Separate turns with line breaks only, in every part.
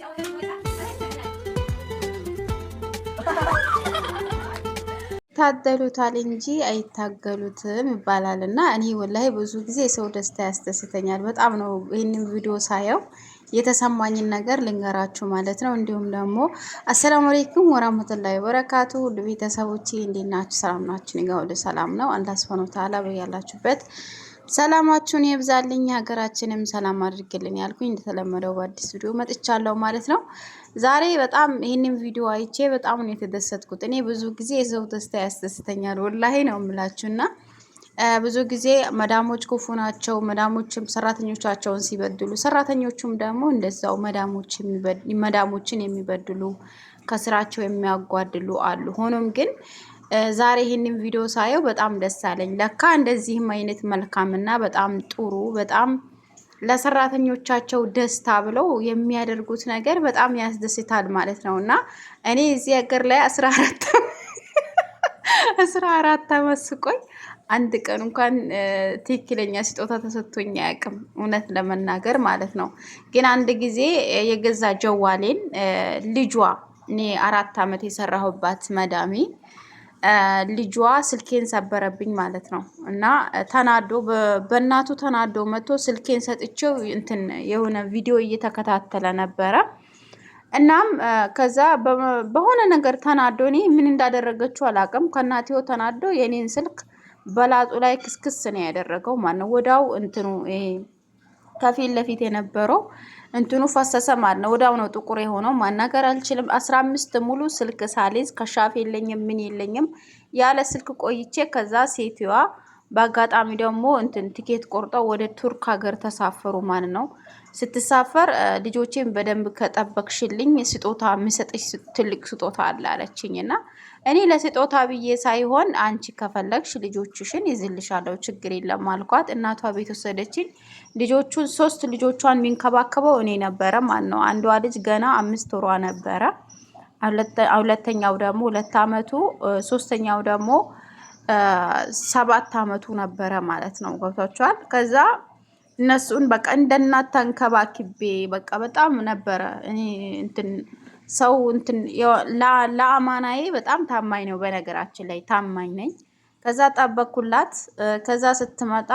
教给我 ይታደሉታል እንጂ አይታገሉትም ይባላል። እና እኔ ወላሂ ብዙ ጊዜ የሰው ደስታ ያስደስተኛል። በጣም ነው ይህንን ቪዲዮ ሳየው የተሰማኝን ነገር ልንገራችሁ ማለት ነው። እንዲሁም ደግሞ አሰላሙ አሌይኩም ወራህመቱላሂ ወበረካቱ ቤተሰቦቼ እንዴት ናችሁ? ሰላም ናችሁ? እኔ ጋ ሁሉ ሰላም ነው። አላህ ሱብሃነሁ ወተዓላ በያላችሁበት ሰላማችሁን የብዛልኝ ሀገራችንም ሰላም አድርግልን ያልኩኝ እንደተለመደው በአዲስ ቪዲዮ መጥቻለሁ ማለት ነው። ዛሬ በጣም ይህንን ቪዲዮ አይቼ በጣም ነው የተደሰትኩት። እኔ ብዙ ጊዜ የሰው ደስታ ያስደስተኛል፣ ወላሂ ነው የምላችሁና ብዙ ጊዜ መዳሞች ክፉ ናቸው። መዳሞችም ሰራተኞቻቸውን ሲበድሉ፣ ሰራተኞቹም ደግሞ እንደዛው መዳሞችን የሚበድሉ ከስራቸው የሚያጓድሉ አሉ። ሆኖም ግን ዛሬ ይህንን ቪዲዮ ሳየው በጣም ደስ አለኝ። ለካ እንደዚህም አይነት መልካምና በጣም ጥሩ በጣም ለሰራተኞቻቸው ደስታ ብለው የሚያደርጉት ነገር በጣም ያስደስታል ማለት ነው እና እኔ እዚህ ሀገር ላይ አስራ አራት አስራ አራት አመት ስቆይ አንድ ቀን እንኳን ትክክለኛ ስጦታ ተሰጥቶኝ አያውቅም፣ እውነት ለመናገር ማለት ነው። ግን አንድ ጊዜ የገዛ ጀዋሌን ልጇ እኔ አራት አመት የሰራሁባት መዳሜ ልጇ ስልኬን ሰበረብኝ ማለት ነው። እና ተናዶ በእናቱ ተናዶ መጥቶ ስልኬን ሰጥቼው እንትን የሆነ ቪዲዮ እየተከታተለ ነበረ። እናም ከዛ በሆነ ነገር ተናዶ እኔ ምን እንዳደረገችው አላውቅም። ከእናቴው ተናዶ የኔን ስልክ በላጡ ላይ ክስክስ ነው ያደረገው። ማነው ወዳው እንትኑ ከፊት ለፊት የነበረው እንትኑ ፈሰሰ ማለት ነው። ወዳው ነው ጥቁር የሆነው። ማናገር አልችልም። አስራ አምስት ሙሉ ስልክ ሳሊዝ ከሻፍ የለኝም ምን የለኝም ያለ ስልክ ቆይቼ ከዛ ሴትዋ በአጋጣሚ ደግሞ እንትን ቲኬት ቆርጠው ወደ ቱርክ ሀገር ተሳፈሩ ማለት ነው። ስትሳፈር ልጆቼን በደንብ ከጠበቅሽልኝ ስጦታ የምሰጥሽ ትልቅ ስጦታ አለ አለችኝ እና እኔ ለስጦታ ብዬ ሳይሆን አንቺ ከፈለግሽ ልጆችሽን ይዝልሻለሁ ችግር የለም አልኳት። እናቷ ቤት ወሰደችኝ። ልጆቹን ሶስት ልጆቿን የሚንከባከበው እኔ ነበረ ማለት ነው። አንዷ ልጅ ገና አምስት ወሯ ነበረ። ሁለተኛው ደግሞ ሁለት አመቱ፣ ሶስተኛው ደግሞ ሰባት አመቱ ነበረ ማለት ነው። ገብቷቸዋል። ከዛ እነሱን በቃ እንደ እናት ተንከባክቤ በቃ በጣም ነበረ እኔ እንትን ሰው እንትን ለአማናዬ በጣም ታማኝ ነው። በነገራችን ላይ ታማኝ ነኝ። ከዛ ጠበኩላት። ከዛ ስትመጣ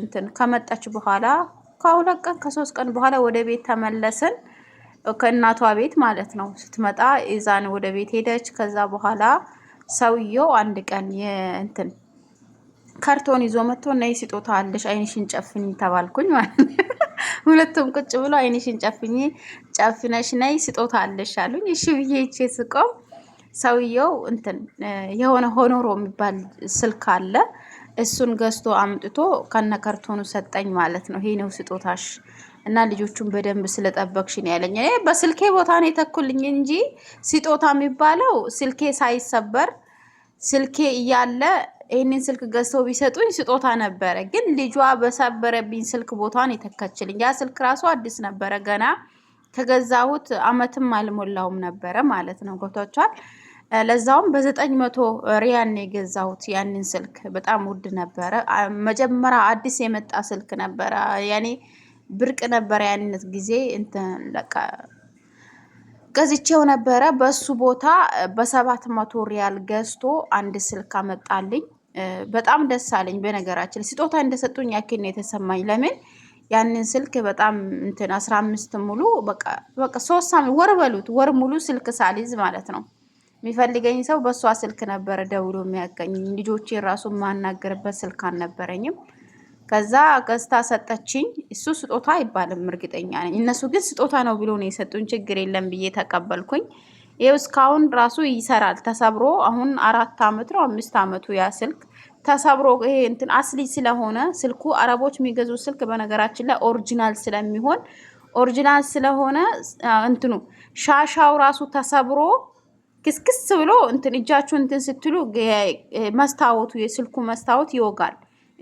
እንትን ከመጣች በኋላ ከሁለት ቀን ከሶስት ቀን በኋላ ወደ ቤት ተመለስን። ከእናቷ ቤት ማለት ነው። ስትመጣ ይዛን ወደ ቤት ሄደች። ከዛ በኋላ ሰውየው አንድ ቀን የእንትን ካርቶን ይዞ መጥቶ ነይ ስጦታ አለሽ አይንሽን ጨፍኝ ተባልኩኝ ማለት ነው። ሁለቱም ቁጭ ብሎ አይንሽን ጨፍኝ ጨፍነሽ ነይ ስጦታ አለሽ አሉኝ። እሺ ብዬ ይቼ ስቆም ሰውየው እንትን የሆነ ሆኖሮ የሚባል ስልክ አለ። እሱን ገዝቶ አምጥቶ ከነ ካርቶኑ ሰጠኝ ማለት ነው። ይሄ ነው ስጦታሽ እና ልጆቹን በደንብ ስለጠበቅሽን ያለኝ። እኔ በስልኬ ቦታ ነው የተኩልኝ እንጂ ስጦታ የሚባለው ስልኬ ሳይሰበር ስልኬ እያለ ይህንን ስልክ ገዝተው ቢሰጡኝ ስጦታ ነበረ። ግን ልጇ በሰበረብኝ ስልክ ቦታን የተከችልኝ። ያ ስልክ ራሱ አዲስ ነበረ፣ ገና ከገዛሁት አመትም አልሞላውም ነበረ ማለት ነው። ገብቷችኋል? ለዛውም በዘጠኝ መቶ ሪያል ነው የገዛሁት ያንን ስልክ። በጣም ውድ ነበረ። መጀመሪያ አዲስ የመጣ ስልክ ነበረ ያኔ ብርቅ ነበረ። ያንነት ጊዜ እንትን በቃ ገዝቼው ነበረ። በሱ ቦታ በሰባት መቶ ሪያል ገዝቶ አንድ ስልክ አመጣልኝ። በጣም ደስ አለኝ። በነገራችን ስጦታ እንደሰጡኝ ያክል ነው የተሰማኝ። ለምን ያንን ስልክ በጣም እንትን አስራ አምስት ሙሉ በቃ በቃ ሶስት ሳምንት ወር በሉት ወር ሙሉ ስልክ ሳልይዝ ማለት ነው የሚፈልገኝ ሰው በእሷ ስልክ ነበረ ደውሎ የሚያገኝ። ልጆቼ ራሱ የማናገርበት ስልክ አልነበረኝም። ከዛ ገዝታ ሰጠችኝ። እሱ ስጦታ አይባልም እርግጠኛ ነኝ። እነሱ ግን ስጦታ ነው ብሎ ነው የሰጡን። ችግር የለም ብዬ ተቀበልኩኝ። ይኸው እስካሁን ራሱ ይሰራል ተሰብሮ። አሁን አራት አመት ነው አምስት አመቱ ያ ስልክ ተሰብሮ ይሄ እንትን አስሊ ስለሆነ ስልኩ አረቦች የሚገዙ ስልክ በነገራችን ላይ ኦሪጂናል ስለሚሆን ኦሪጂናል ስለሆነ እንትኑ ሻሻው ራሱ ተሰብሮ ክስክስ ብሎ እንትን እጃችሁ እንትን ስትሉ መስታወቱ የስልኩ መስታወት ይወጋል።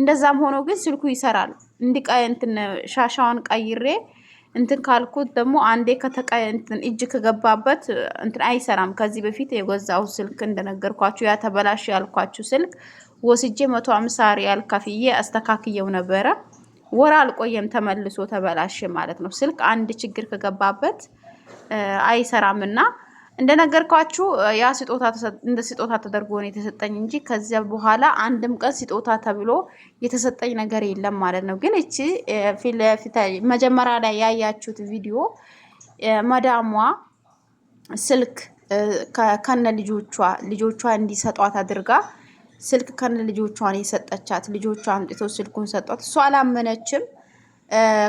እንደዛም ሆኖ ግን ስልኩ ይሰራል። እንዲህ እንትን ሻሻውን ቀይሬ እንትን ካልኩት ደግሞ አንዴ ከተቀይ እንትን እጅ ከገባበት እንትን አይሰራም። ከዚህ በፊት የገዛው ስልክ እንደነገርኳችሁ ያ ተበላሽ ያልኳችሁ ስልክ ወስጄ መቶ አምሳ ሪያል ከፍዬ አስተካክየው ነበረ። ወር አልቆየም ተመልሶ ተበላሽ ማለት ነው። ስልክ አንድ ችግር ከገባበት አይሰራምና እንደነገርኳችሁ ያ ስጦታ እንደ ስጦታ ተደርጎ ነው የተሰጠኝ እንጂ ከዚያ በኋላ አንድም ቀን ስጦታ ተብሎ የተሰጠኝ ነገር የለም ማለት ነው። ግን እቺ መጀመሪያ ላይ ያያችሁት ቪዲዮ መዳሟ ስልክ ከነ ልጆቿ ልጆቿ እንዲሰጧት አድርጋ ስልክ ከነ ልጆቿን የሰጠቻት ልጆቿ አምጥቶ ስልኩን ሰጧት። እሷ አላመነችም።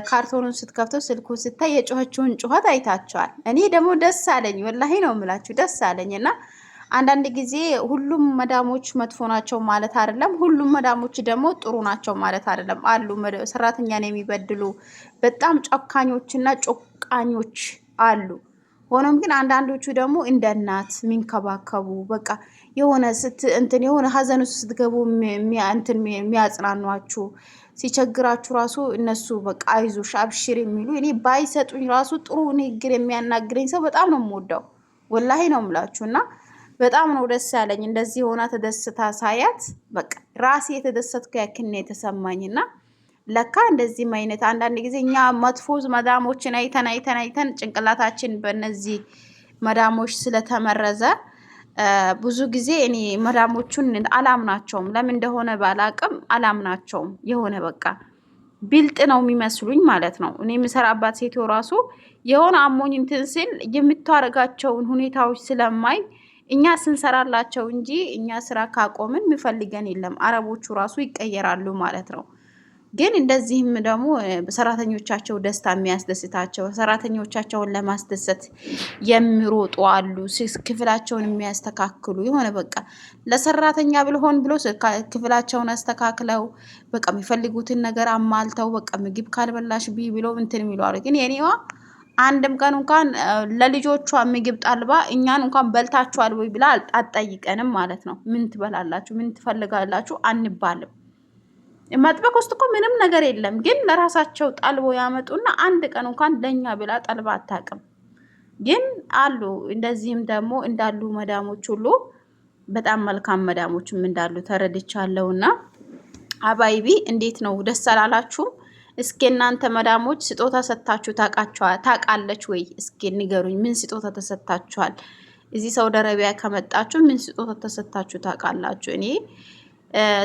ካርቶኑን ስትከፍተው ስልኩን ስታይ የጮኸችውን ጩኸት አይታቸዋል። እኔ ደግሞ ደስ አለኝ፣ ወላሂ ነው የምላችሁ ደስ አለኝ። እና አንዳንድ ጊዜ ሁሉም መዳሞች መጥፎ ናቸው ማለት አይደለም፣ ሁሉም መዳሞች ደግሞ ጥሩ ናቸው ማለት አይደለም። አሉ ሰራተኛን የሚበድሉ በጣም ጨካኞችና ጮቃኞች አሉ። ሆኖም ግን አንዳንዶቹ ደግሞ እንደ እናት የሚንከባከቡ በቃ የሆነ ስት እንትን የሆነ ሀዘን ውስጥ ስትገቡ እንትን የሚያጽናኗችሁ ሲቸግራችሁ ራሱ እነሱ በቃ አይዞሽ አብሽር የሚሉ እኔ ባይሰጡኝ ራሱ ጥሩ ንግግር የሚያናግረኝ ሰው በጣም ነው የምወደው። ወላሂ ነው የምላችሁ እና በጣም ነው ደስ ያለኝ እንደዚህ የሆና ተደስታ ሳያት በቃ ራሴ የተደሰትኩ ያክን የተሰማኝ እና ለካ እንደዚህም አይነት አንዳንድ ጊዜ እኛ መጥፎ መዳሞችን አይተን አይተን አይተን ጭንቅላታችን በእነዚህ መዳሞች ስለተመረዘ ብዙ ጊዜ እኔ መዳሞቹን አላምናቸውም። ለምን እንደሆነ ባላቅም አላምናቸውም። የሆነ በቃ ብልጥ ነው የሚመስሉኝ ማለት ነው። እኔ የምሰራባት ሴቶ ራሱ የሆነ አሞኝ እንትን ሲል የምታደርጋቸውን ሁኔታዎች ስለማይ እኛ ስንሰራላቸው እንጂ እኛ ስራ ካቆምን የሚፈልገን የለም። አረቦቹ ራሱ ይቀየራሉ ማለት ነው። ግን እንደዚህም ደግሞ ሰራተኞቻቸው ደስታ የሚያስደስታቸው ሰራተኞቻቸውን ለማስደሰት የሚሮጡ አሉ። ክፍላቸውን የሚያስተካክሉ የሆነ በቃ ለሰራተኛ ብልሆን ብሎ ክፍላቸውን አስተካክለው በቃ የሚፈልጉትን ነገር አማልተው በቃ ምግብ ካልበላሽ ቢ ብሎ እንትን የሚሉ አሉ። ግን የኔዋ አንድም ቀን እንኳን ለልጆቿ ምግብ ጣልባ እኛን እንኳን በልታችኋል ወይ ብላ አጠይቀንም ማለት ነው። ምን ትበላላችሁ፣ ምን ትፈልጋላችሁ አንባልም። መጥበቅ ውስጥ እኮ ምንም ነገር የለም። ግን ለራሳቸው ጠልቦ ያመጡና አንድ ቀን እንኳን ለእኛ ብላ ጠልባ አታውቅም። ግን አሉ እንደዚህም ደግሞ እንዳሉ መዳሞች ሁሉ በጣም መልካም መዳሞችም እንዳሉ ተረድቻለሁ። እና አባይቢ እንዴት ነው ደስ አላላችሁም? እስኪ እናንተ መዳሞች ስጦታ ሰጥታችሁ ታውቃለች ወይ? እስኪ ንገሩኝ። ምን ስጦታ ተሰጥታችኋል? እዚህ ሳውዲ አረቢያ ከመጣችሁ ምን ስጦታ ተሰጥታችሁ ታውቃላችሁ? እኔ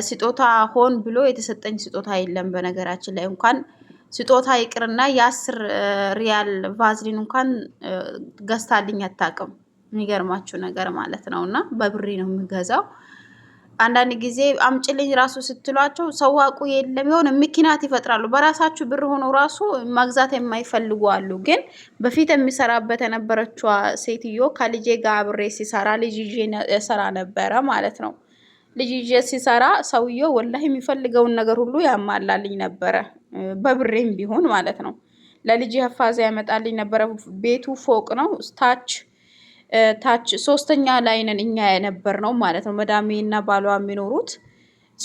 ስጦታ ሆን ብሎ የተሰጠኝ ስጦታ የለም። በነገራችን ላይ እንኳን ስጦታ ይቅርና የአስር ሪያል ቫዝሊን እንኳን ገዝታልኝ አታውቅም። የሚገርማችሁ ነገር ማለት ነው። እና በብሬ ነው የምገዛው። አንዳንድ ጊዜ አምጭልኝ ራሱ ስትሏቸው ሰዋቁ የለም የሆነ ምክንያት ይፈጥራሉ። በራሳችሁ ብር ሆኖ ራሱ መግዛት የማይፈልጉ አሉ። ግን በፊት የሚሰራበት የነበረችዋ ሴትዮ ከልጄ ጋር አብሬ ሲሰራ ልጅ ይዤ ሰራ ነበረ ማለት ነው ልጅ ይዤ ሲሰራ ሰውየው ወላህ የሚፈልገውን ነገር ሁሉ ያማላልኝ ነበረ። በብሬም ቢሆን ማለት ነው። ለልጅ ሀፋዛ ያመጣልኝ ነበረ። ቤቱ ፎቅ ነው። ታች ታች ሶስተኛ ላይ ነን እኛ የነበር ነው ማለት ነው። መዳሜ እና ባሏ የሚኖሩት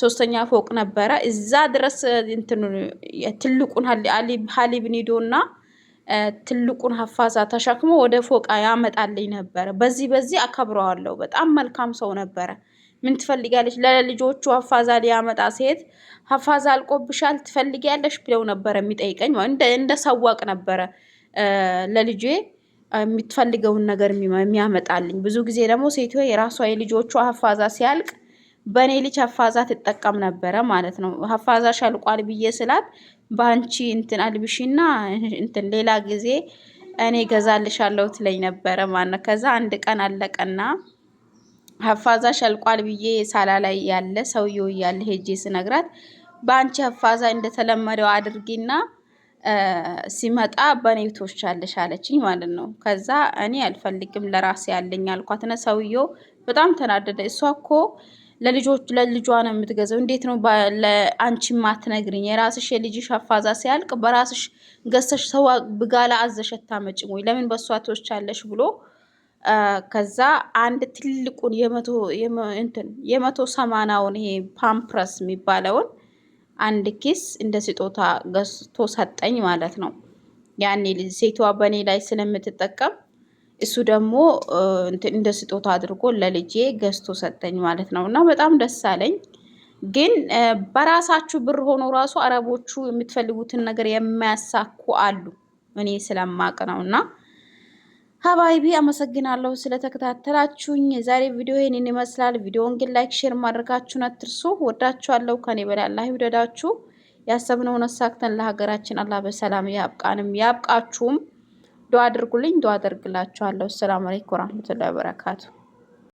ሶስተኛ ፎቅ ነበረ። እዛ ድረስ ትልቁን ሀሊብኒዶ እና ትልቁን ሀፋዛ ተሸክሞ ወደ ፎቅ ያመጣልኝ ነበረ። በዚህ በዚህ አከብረዋለሁ። በጣም መልካም ሰው ነበረ። ምን ትፈልጋለች? ለልጆቹ ሀፋዛ ያመጣ ሴት ሀፋዛ አልቆብሻል ትፈልጊያለሽ ብለው ነበረ የሚጠይቀኝ። እንደ ሰዋቅ ነበረ ለልጄ የምትፈልገውን ነገር የሚያመጣልኝ። ብዙ ጊዜ ደግሞ ሴትዮ የራሷ የልጆቹ ሀፋዛ ሲያልቅ በእኔ ልጅ ሀፋዛ ትጠቀም ነበረ ማለት ነው። ሀፋዛ ሻልቋል ብዬ ስላት በአንቺ እንትን አልብሽና እንትን ሌላ ጊዜ እኔ ገዛልሻለሁ ትለኝ ነበረ ማለት ነው። ከዛ አንድ ቀን አለቀና ሀፋዛ ሸልቋል ብዬ ሳላ ላይ ያለ ሰውየው እያለ ሄጄ ስነግራት በአንቺ ሀፋዛ እንደተለመደው አድርጊና ሲመጣ በእኔ ትወሻለሽ አለችኝ ማለት ነው። ከዛ እኔ አልፈልግም ለራሴ ያለኝ አልኳት። ሰውየው በጣም ተናደደ። እሷ እኮ ለልጆች ለልጇ ነው የምትገዘው። እንዴት ነው ለአንቺ ማትነግርኝ? የራስሽ የልጅሽ አፋዛ ሲያልቅ በራስሽ ገሰሽ ሰው ብጋላ አዘሸታ መጭ ወይ ለምን በእሷ ትወሻለሽ ብሎ ከዛ አንድ ትልቁን የመቶ ሰማናውን ይሄ ፓምፕረስ የሚባለውን አንድ ኪስ እንደ ስጦታ ገዝቶ ሰጠኝ ማለት ነው። ያኔ ሴቷ በእኔ ላይ ስለምትጠቀም እሱ ደግሞ እንደ ስጦታ አድርጎ ለልጄ ገዝቶ ሰጠኝ ማለት ነው። እና በጣም ደስ አለኝ። ግን በራሳችሁ ብር ሆኖ ራሱ አረቦቹ የምትፈልጉትን ነገር የሚያሳኩ አሉ። እኔ ስለማቅ ነው እና ሀባይቢ አመሰግናለሁ ስለተከታተላችሁኝ። የዛሬ ቪዲዮ ይህንን ይመስላል። ቪዲዮውን ግን ላይክ፣ ሼር ማድረጋችሁን አትርሱ። ወዳችኋለሁ። ከኔ በላይ አላህ ይውደዳችሁ። ያሰብነውን አሳክተን ለሀገራችን አላህ በሰላም ያብቃንም ያብቃችሁም። ዱአ አድርጉልኝ፣ ዱአ አደርግላችኋለሁ። ሰላም አለይኩም ወራህመቱላሂ ወበረካቱ።